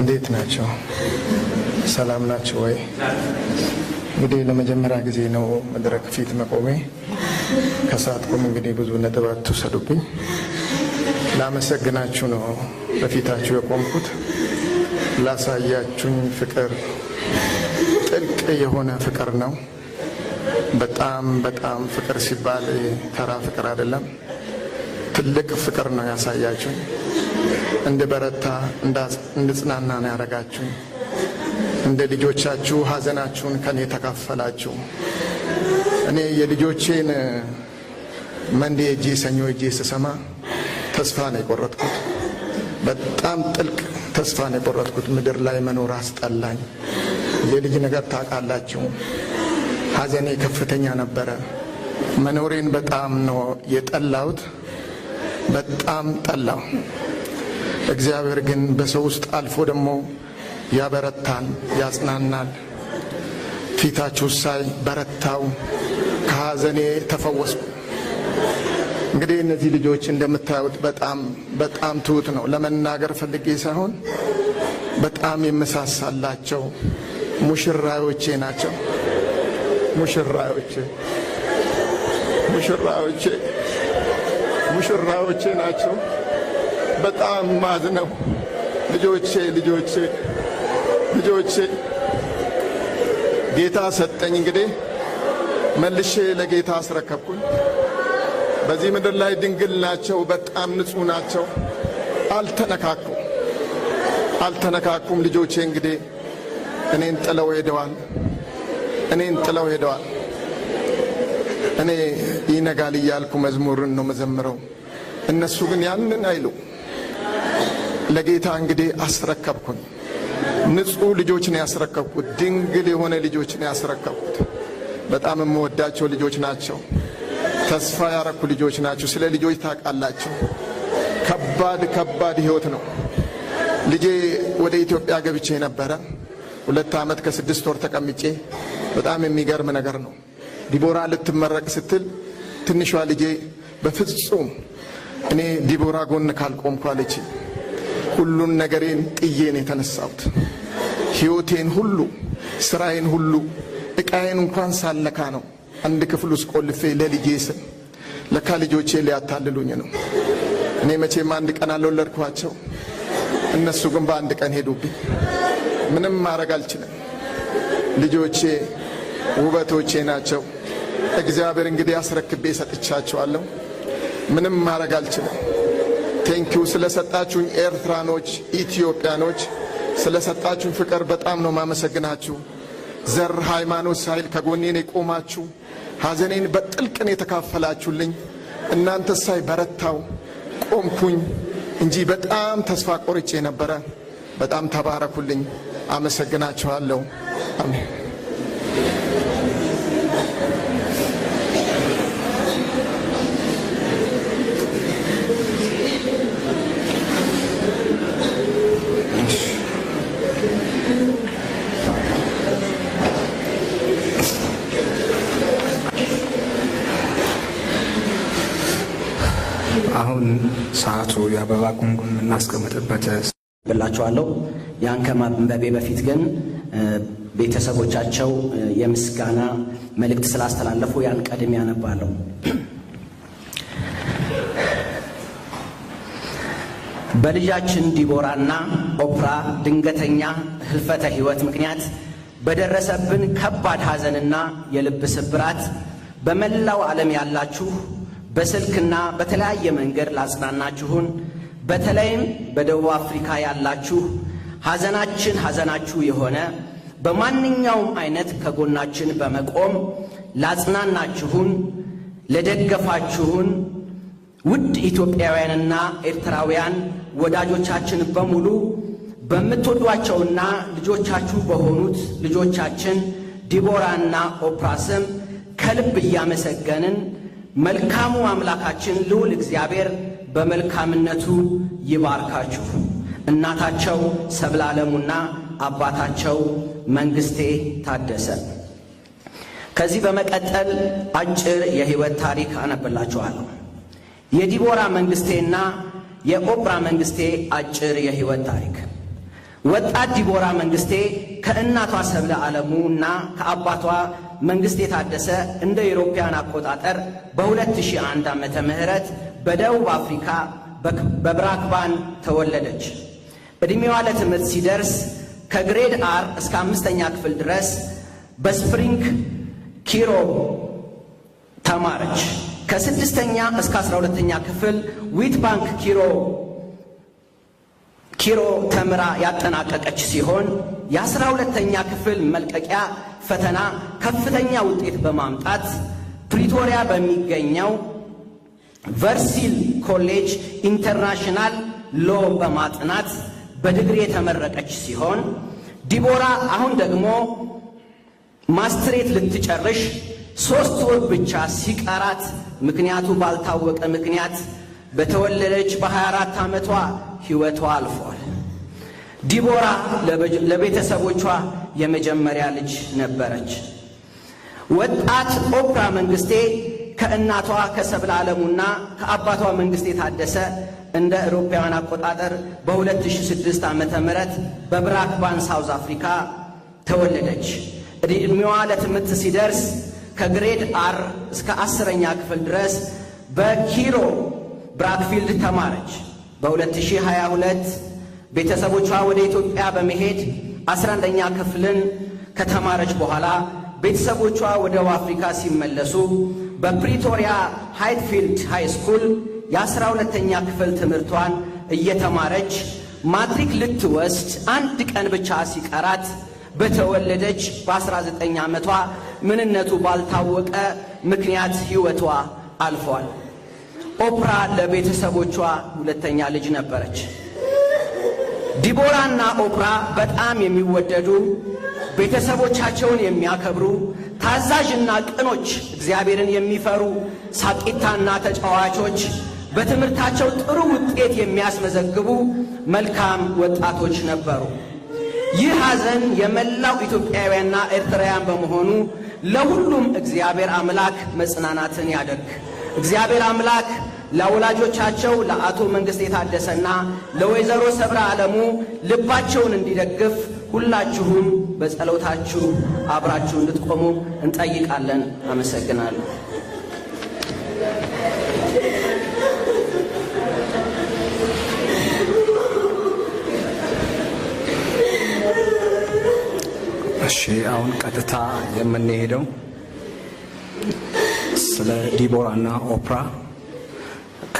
እንዴት ናቸው? ሰላም ናቸው ወይ? እንግዲህ ለመጀመሪያ ጊዜ ነው መድረክ ፊት መቆሜ። ከሳትኩም እንግዲህ ብዙ ነጥብ አትውሰዱብኝ። ላመሰግናችሁ ነው በፊታችሁ የቆምኩት። ላሳያችሁኝ ፍቅር ጥልቅ የሆነ ፍቅር ነው። በጣም በጣም ፍቅር ሲባል ተራ ፍቅር አይደለም። ትልቅ ፍቅር ነው ያሳያችሁ። እንድበረታ እንድጽናና ነው ያደረጋችሁ። እንደ ልጆቻችሁ ሀዘናችሁን ከኔ ተካፈላችሁ። እኔ የልጆቼን መንዴ እጄ ሰኞ እጄ ስሰማ ተስፋ ነው የቆረጥኩት። በጣም ጥልቅ ተስፋ ነው የቆረጥኩት። ምድር ላይ መኖር አስጠላኝ። የልጅ ነገር ታውቃላችሁ። ሀዘኔ ከፍተኛ ነበረ። መኖሬን በጣም ነው የጠላሁት። በጣም ጠላው። እግዚአብሔር ግን በሰው ውስጥ አልፎ ደግሞ ያበረታል፣ ያጽናናል። ፊታችሁ ሳይ በረታው፣ ከሐዘኔ ተፈወስኩ። እንግዲህ እነዚህ ልጆች እንደምታዩት በጣም በጣም ትሁት ነው። ለመናገር ፈልጌ ሳይሆን በጣም የመሳሳላቸው ሙሽራዮቼ ናቸው። ሙሽራዮቼ ሙሽራዮቼ ሙሽራዎቼ ናቸው። በጣም ማዝ ነው። ልጆቼ ልጆቼ ልጆቼ ጌታ ሰጠኝ። እንግዲህ መልሼ ለጌታ አስረከብኩኝ። በዚህ ምድር ላይ ድንግል ናቸው። በጣም ንጹሕ ናቸው። አልተነካኩም አልተነካኩም። ልጆቼ እንግዲህ እኔን ጥለው ሄደዋል። እኔን ጥለው ሄደዋል። እኔ ይነጋል እያልኩ መዝሙርን ነው መዘምረው። እነሱ ግን ያንን አይሉ። ለጌታ እንግዲህ አስረከብኩኝ። ንጹህ ልጆች ነው ያስረከብኩት። ድንግል የሆነ ልጆች ነው ያስረከብኩት። በጣም የምወዳቸው ልጆች ናቸው። ተስፋ ያረኩ ልጆች ናቸው። ስለ ልጆች ታውቃላቸው። ከባድ ከባድ ህይወት ነው። ልጄ ወደ ኢትዮጵያ ገብቼ ነበረ። ሁለት ዓመት ከስድስት ወር ተቀምጬ በጣም የሚገርም ነገር ነው። ዲቦራ ልትመረቅ ስትል ትንሿ ልጄ በፍጹም እኔ ዲቦራ ጎን ካልቆምኩ አለች። ሁሉን ነገሬን ጥዬን የተነሳሁት ሕይወቴን ሁሉ ስራዬን ሁሉ እቃዬን እንኳን ሳለካ ነው አንድ ክፍል ውስጥ ቆልፌ ለልጄ ስም። ለካ ልጆቼ ሊያታልሉኝ ነው። እኔ መቼም አንድ ቀን አልወለድኳቸው፣ እነሱ ግን በአንድ ቀን ሄዱብኝ። ምንም ማድረግ አልችልም። ልጆቼ ውበቶቼ ናቸው። እግዚአብሔር እንግዲህ አስረክቤ ሰጥቻችኋለሁ። ምንም ማድረግ አልችልም። ቴንኪው ስለሰጣችሁኝ ኤርትራኖች፣ ኢትዮጵያኖች ስለሰጣችሁኝ ፍቅር በጣም ነው ማመሰግናችሁ። ዘር ሃይማኖት ሳይል ከጎኔን የቆማችሁ ሐዘኔን በጥልቅን የተካፈላችሁልኝ እናንተ ሳይ በረታው ቆምኩኝ እንጂ በጣም ተስፋ ቆርጬ ነበረ። በጣም ተባረኩልኝ። አመሰግናችኋለሁ። አሜን። የአበባ ጉንጉን የምናስቀምጥበት ብላቸዋለሁ። ያን ከማንበቤ በፊት ግን ቤተሰቦቻቸው የምስጋና መልእክት ስላስተላለፉ ያን ቀድሜ ያነባለሁ። በልጃችን ዲቦራና ኦፕራ ድንገተኛ ህልፈተ ህይወት ምክንያት በደረሰብን ከባድ ሐዘንና የልብ ስብራት በመላው ዓለም ያላችሁ በስልክና በተለያየ መንገድ ላጽናናችሁን በተለይም በደቡብ አፍሪካ ያላችሁ ሐዘናችን ሐዘናችሁ የሆነ በማንኛውም አይነት ከጎናችን በመቆም ላጽናናችሁን፣ ለደገፋችሁን ውድ ኢትዮጵያውያንና ኤርትራውያን ወዳጆቻችን በሙሉ በምትወዷቸውና ልጆቻችሁ በሆኑት ልጆቻችን ዲቦራና ኦፕራ ስም ከልብ እያመሰገንን መልካሙ አምላካችን ልዑል እግዚአብሔር በመልካምነቱ ይባርካችሁ። እናታቸው ሰብላለሙና አባታቸው መንግስቴ ታደሰ። ከዚህ በመቀጠል አጭር የህይወት ታሪክ አነብላችኋለሁ። የዲቦራ መንግስቴና የኦፕራ መንግስቴ አጭር የህይወት ታሪክ። ወጣት ዲቦራ መንግስቴ ከእናቷ ሰብለ ዓለሙና ከአባቷ መንግስት የታደሰ እንደ ኢሮፓያን አቆጣጠር በ2001 ዓመተ ምህረት በደቡብ አፍሪካ በብራክባን ተወለደች። እድሜዋ ለትምህርት ሲደርስ ከግሬድ አር እስከ አምስተኛ ክፍል ድረስ በስፕሪንግ ኪሮ ተማረች። ከስድስተኛ እስከ አስራ ሁለተኛ ክፍል ዊት ባንክ ኪሮ ኪሮ ተምራ ያጠናቀቀች ሲሆን የአስራ ሁለተኛ ክፍል መልቀቂያ ፈተና ከፍተኛ ውጤት በማምጣት ፕሪቶሪያ በሚገኘው ቨርሲል ኮሌጅ ኢንተርናሽናል ሎ በማጥናት በድግሪ የተመረቀች ሲሆን ዲቦራ አሁን ደግሞ ማስትሬት ልትጨርሽ ሶስት ወር ብቻ ሲቀራት ምክንያቱ ባልታወቀ ምክንያት በተወለደች በ24 ዓመቷ ሕይወቷ አልፏል። ዲቦራ ለቤተሰቦቿ የመጀመሪያ ልጅ ነበረች። ወጣት ኦፕራ መንግስቴ ከእናቷ ከሰብለ ዓለሙና ከአባቷ መንግስቴ ታደሰ እንደ አውሮፓውያን አቆጣጠር በ2006 ዓመተ ምህረት በብራክባን ሳውዝ አፍሪካ ተወለደች። እድሜዋ ለትምህርት ሲደርስ ከግሬድ አር እስከ አስረኛ ክፍል ድረስ በኪሮ ብራክፊልድ ተማረች። በ2022 ቤተሰቦቿ ወደ ኢትዮጵያ በመሄድ አስራ አንደኛ ክፍልን ከተማረች በኋላ ቤተሰቦቿ ወደ አፍሪካ ሲመለሱ በፕሪቶሪያ ሃይትፊልድ ሃይ ስኩል የአስራ ሁለተኛ ክፍል ትምህርቷን እየተማረች ማትሪክ ልትወስድ አንድ ቀን ብቻ ሲቀራት በተወለደች በ19 ዓመቷ ምንነቱ ባልታወቀ ምክንያት ሕይወቷ አልፏል። ኦፕራ ለቤተሰቦቿ ሁለተኛ ልጅ ነበረች። ዲቦራና ኦፕራ በጣም የሚወደዱ ቤተሰቦቻቸውን የሚያከብሩ ታዛዥና ቅኖች፣ እግዚአብሔርን የሚፈሩ ሳቂታና ተጫዋቾች፣ በትምህርታቸው ጥሩ ውጤት የሚያስመዘግቡ መልካም ወጣቶች ነበሩ። ይህ ሐዘን የመላው ኢትዮጵያውያንና ኤርትራውያን በመሆኑ ለሁሉም እግዚአብሔር አምላክ መጽናናትን ያደርግ። እግዚአብሔር አምላክ ለወላጆቻቸው ለአቶ መንግስት የታደሰና ለወይዘሮ ሰብራ ዓለሙ ልባቸውን እንዲደግፍ ሁላችሁም በጸሎታችሁ አብራችሁ እንድትቆሙ እንጠይቃለን። አመሰግናለሁ። እሺ፣ አሁን ቀጥታ የምንሄደው ስለ ዲቦራና ኦፕራ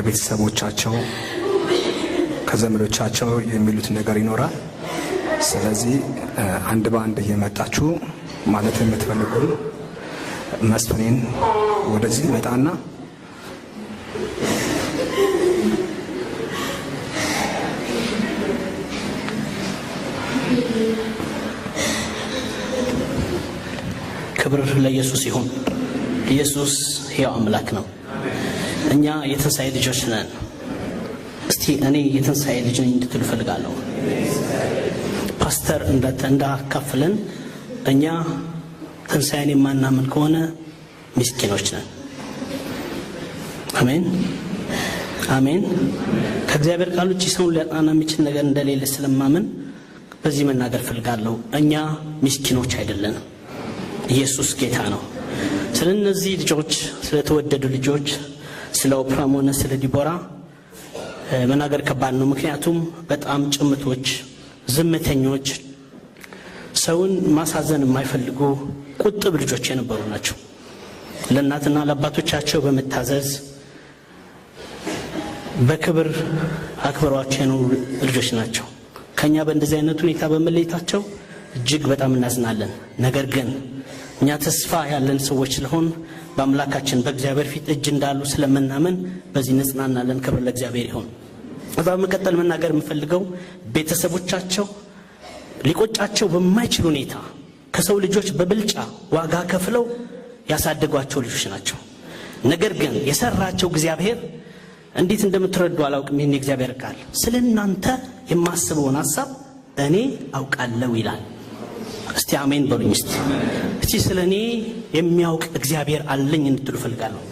ከቤተሰቦቻቸው ከዘመዶቻቸው የሚሉት ነገር ይኖራል። ስለዚህ አንድ በአንድ እየመጣችሁ ማለት የምትፈልጉ መስፍኔን ወደዚህ ይመጣና ክብር ለኢየሱስ ይሁን። ኢየሱስ ሕያው አምላክ ነው። እኛ የትንሣኤ ልጆች ነን። እስቲ እኔ የትንሣኤ ልጅ ነኝ እንድትሉ እፈልጋለሁ። ፓስተር እንዳካፍለን እኛ ትንሣኤን የማናምን ከሆነ ምስኪኖች ነን። አሜን አሜን። ከእግዚአብሔር ቃል ውጭ ሰውን ሊያጽናና የሚችል ነገር እንደሌለ ስለማምን በዚህ መናገር እፈልጋለሁ። እኛ ምስኪኖች አይደለንም። ኢየሱስ ጌታ ነው። ስለነዚህ ልጆች ስለተወደዱ ልጆች ስለ ኦፕራም ሆነ ስለ ዲቦራ መናገር ከባድ ነው። ምክንያቱም በጣም ጭምቶች፣ ዝምተኞች፣ ሰውን ማሳዘን የማይፈልጉ ቁጥብ ልጆች የነበሩ ናቸው። ለእናትና ለአባቶቻቸው በመታዘዝ በክብር አክብረዋቸው የኖሩ ልጆች ናቸው። ከእኛ በእንደዚህ አይነት ሁኔታ በመለየታቸው እጅግ በጣም እናዝናለን። ነገር ግን እኛ ተስፋ ያለን ሰዎች ስለሆን በአምላካችን በእግዚአብሔር ፊት እጅ እንዳሉ ስለምናምን በዚህ እንጽናናለን። ክብር ለእግዚአብሔር ይሁን። እዛ በመቀጠል መናገር የምፈልገው ቤተሰቦቻቸው ሊቆጫቸው በማይችል ሁኔታ ከሰው ልጆች በብልጫ ዋጋ ከፍለው ያሳደጓቸው ልጆች ናቸው። ነገር ግን የሰራቸው እግዚአብሔር እንዴት እንደምትረዱ አላውቅም። ይህን የእግዚአብሔር ቃል ስለ እናንተ የማስበውን ሀሳብ እኔ አውቃለሁ ይላል። እስቲ አሜን በሉኝ። እስቲ እስቲ ስለ እኔ የሚያውቅ እግዚአብሔር አለኝ እንድትሉ ፈልጋለሁ።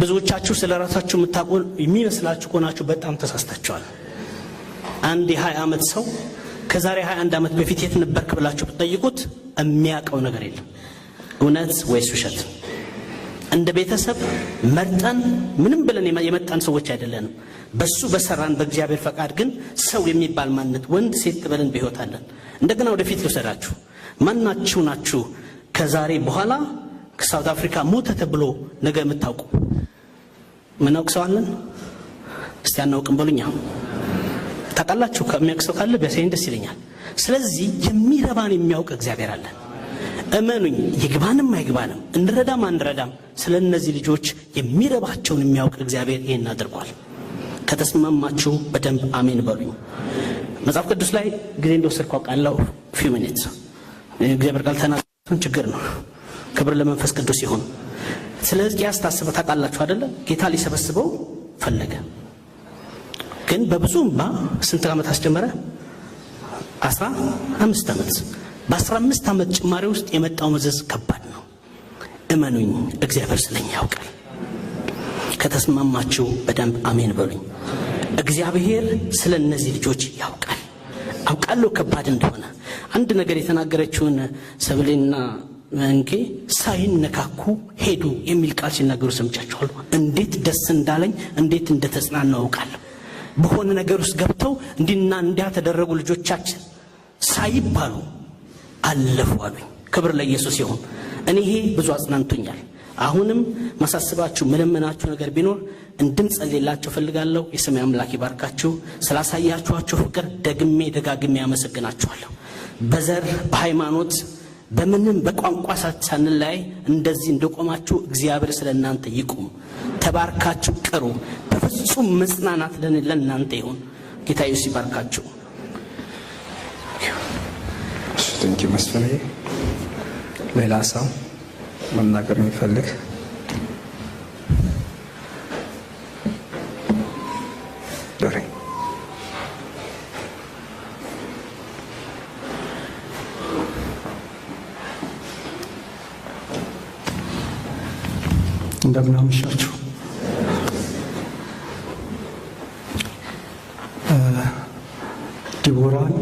ብዙዎቻችሁ ስለ ራሳችሁ የምታውቁ የሚመስላችሁ ከሆናችሁ በጣም ተሳስታችኋል። አንድ የ20 ዓመት ሰው ከዛሬ 21 ዓመት በፊት የት ነበርክ ብላችሁ ብትጠይቁት የሚያውቀው ነገር የለም። እውነት ወይስ ውሸት? እንደ ቤተሰብ መርጠን ምንም ብለን የመጣን ሰዎች አይደለንም። በሱ በሰራን በእግዚአብሔር ፈቃድ ግን ሰው የሚባል ማንነት ወንድ ሴት ትበልን በሕይወት አለን። እንደገና ወደፊት ልውሰዳችሁ። ማናችሁ ናችሁ ከዛሬ በኋላ ከሳውት አፍሪካ ሞተ ተብሎ ነገ የምታውቁ? ምናውቅ ሰው አለን? እስቲ አናውቅም በሉኛ። ታውቃላችሁ? ከሚያውቅ ሰው ካለ ቢያሳየን ደስ ይለኛል። ስለዚህ የሚረባን የሚያውቅ እግዚአብሔር አለን። እመኑኝ፣ ይግባንም አይግባንም፣ እንረዳም አንረዳም፣ ስለ እነዚህ ልጆች የሚረባቸውን የሚያውቅ እግዚአብሔር ይህን አድርጓል። ከተስማማችሁ በደንብ አሜን በሉኝ። መጽሐፍ ቅዱስ ላይ ጊዜ እንደወሰድኩ አውቃለሁ። ፊው ሚኒትስ እግዚአብሔር ቃል ተናግሮን ችግር ነው። ክብር ለመንፈስ ቅዱስ ይሁን። ስለ ሕዝቅያስ ታስበ ታውቃላችሁ አደለ? ጌታ ሊሰበስበው ፈለገ፣ ግን በብዙ እምባ ስንት ዓመት አስጀመረ? አስራ አምስት ዓመት። በአስራ አምስት ዓመት ጭማሪ ውስጥ የመጣው መዘዝ ከባድ ነው። እመኑኝ፣ እግዚአብሔር ስለኛ ያውቃል። ከተስማማችሁ በደንብ አሜን በሉኝ። እግዚአብሔር ስለ እነዚህ ልጆች ያውቃል። አውቃለሁ ከባድ እንደሆነ አንድ ነገር የተናገረችውን ሰብሌና እንጌ ሳይነካኩ ሄዱ የሚል ቃል ሲናገሩ ሰምቻችኋሉ። እንዴት ደስ እንዳለኝ እንዴት እንደተጽናናው አውቃለሁ። በሆነ ነገር ውስጥ ገብተው እንዲና እንዲያ ተደረጉ ልጆቻችን ሳይባሉ አለፉ አሉኝ። ክብር ለኢየሱስ ይሁን። እኔ ይሄ ብዙ አጽናንቶኛል። አሁንም ማሳስባችሁ መለመናችሁ ነገር ቢኖር እንድንጸልላችሁ ፈልጋለሁ። የሰማይ አምላክ ይባርካችሁ። ስላሳያችኋችሁ ፍቅር ደግሜ ደጋግሜ አመሰግናችኋለሁ። በዘር በሃይማኖት በምንም በቋንቋ ላይ እንደዚህ እንደቆማችሁ እግዚአብሔር ስለ እናንተ ይቁም። ተባርካችሁ ቅሩ። በፍጹም መጽናናት ለእናንተ ይሁን። ጌታ ኢየሱስ ይባርካችሁ። ሌላ ሰው መናገር የሚፈልግ እንደምን አመሻችሁ። ዲቦራን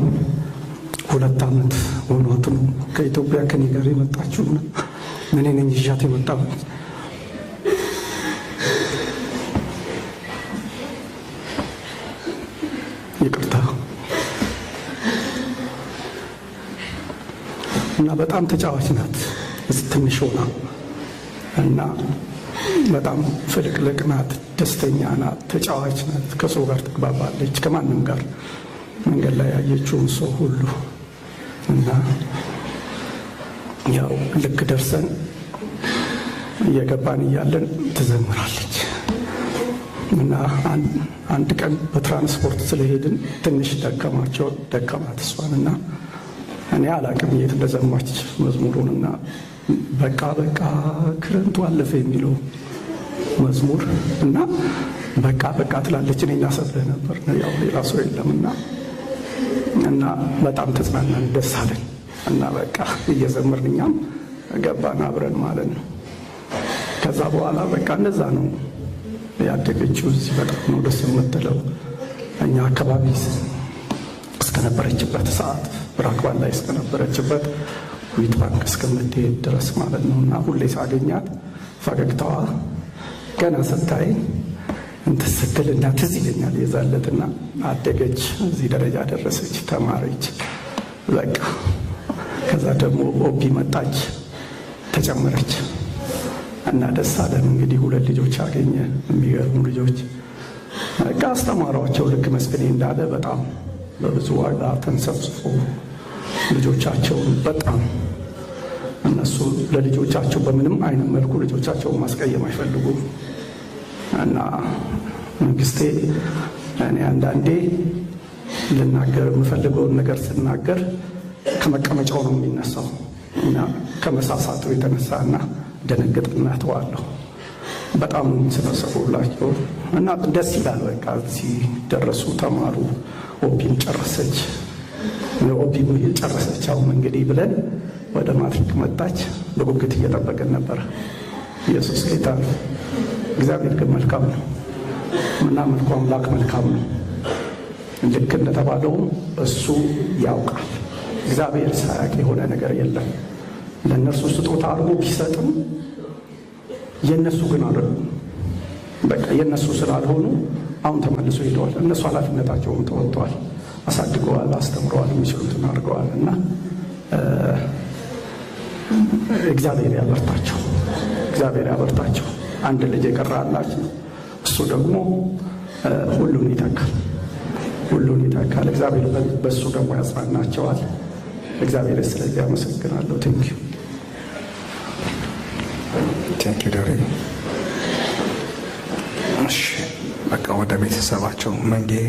ሁለት ዓመት ሆኗት ነው ከኢትዮጵያ ከኔ ጋር የመጣችሁና እኔ ነኝ ይዣት የመጣሁት። ይቅርታ እና በጣም ተጫዋች ናት ትንሽ ሆና እና በጣም ፍልቅልቅ ናት። ደስተኛ ናት። ተጫዋች ናት። ከሰው ጋር ትግባባለች። ከማንም ጋር መንገድ ላይ ያየችውን ሰው ሁሉ እና ያው ልክ ደርሰን እየገባን እያለን ትዘምራለች እና አንድ ቀን በትራንስፖርት ስለሄድን ትንሽ ደከማቸው ደከማት እሷንና እኔ አላቅም የት እንደዘማች መዝሙሩን መዝሙሩንና በቃ በቃ ክረምቱ አለፈ የሚለው መዝሙር እና በቃ በቃ ትላለች። እኔ እናሰብህ ነበር ያው ሌላ ሰው የለም እና እና በጣም ተጽናናን፣ ደስ አለን እና በቃ እየዘመርን እኛም ገባን አብረን ማለት ነው። ከዛ በኋላ በቃ እንደዛ ነው ያደገችው። እዚህ በጣም ነው ደስ የምትለው እኛ አካባቢ እስከነበረችበት ሰዓት ብራክባን ላይ እስከነበረችበት ዊት ባንክ እስከምትሄድ ድረስ ማለት ነው። እና ሁሌ ሳገኛት ፈገግታዋ ገና ስታይ እንትን ስትል እና ትዝ ይለኛል አደገች፣ እዚህ ደረጃ ደረሰች፣ ተማረች። በቃ ከዛ ደግሞ ኦቢ መጣች፣ ተጨመረች። እና ደስ አለን። እንግዲህ ሁለት ልጆች አገኘ፣ የሚገርሙ ልጆች በቃ አስተማሯቸው። ልክ መስፍኔ እንዳለ በጣም በብዙ ዋጋ ተንሰብስፎ ልጆቻቸውን በጣም እነሱ ለልጆቻቸው በምንም አይነት መልኩ ልጆቻቸውን ማስቀየም አይፈልጉም እና መንግስቴ እኔ አንዳንዴ ልናገር የምፈልገውን ነገር ስናገር ከመቀመጫው ነው የሚነሳው እና ከመሳሳቱ የተነሳ እና ደነገጥና ተዋለሁ። በጣም የሚሰበሰቡላቸው እና ደስ ይላል። በቃ እዚህ ደረሱ፣ ተማሩ። ኦቢም ጨረሰች፣ ኦቢም የጨረሰች አሁን እንግዲህ ብለን ወደ ማትሪክ መጣች። በጉጉት እየጠበቀን ነበር። ኢየሱስ ጌታ ነው። እግዚአብሔር ግን መልካም ነው። የምናመልከው አምላክ መልካም ነው። ልክ እንደተባለውም እሱ ያውቃል። እግዚአብሔር ሳያቅ የሆነ ነገር የለም። ለእነርሱ ስጦታ አድርጎ ቢሰጥም የእነሱ ግን አለ በቃ የእነሱ ስላልሆኑ አሁን ተመልሶ ሄደዋል። እነሱ ኃላፊነታቸውን ተወጥተዋል፣ አሳድገዋል፣ አስተምረዋል፣ የሚችሉትን አድርገዋል እና እግዚአብሔር ያበርታቸው፣ እግዚአብሔር ያበርታቸው። አንድ ልጅ የቀረ ነው እሱ ደግሞ ሁሉን ይተካል፣ ሁሉን ይተካል። እግዚአብሔር በሱ ደግሞ ያጽናናቸዋል። እግዚአብሔር ስለዚህ አመሰግናለሁ። ቴንኪዩ በቃ ወደ ቤተሰባቸው መንጌ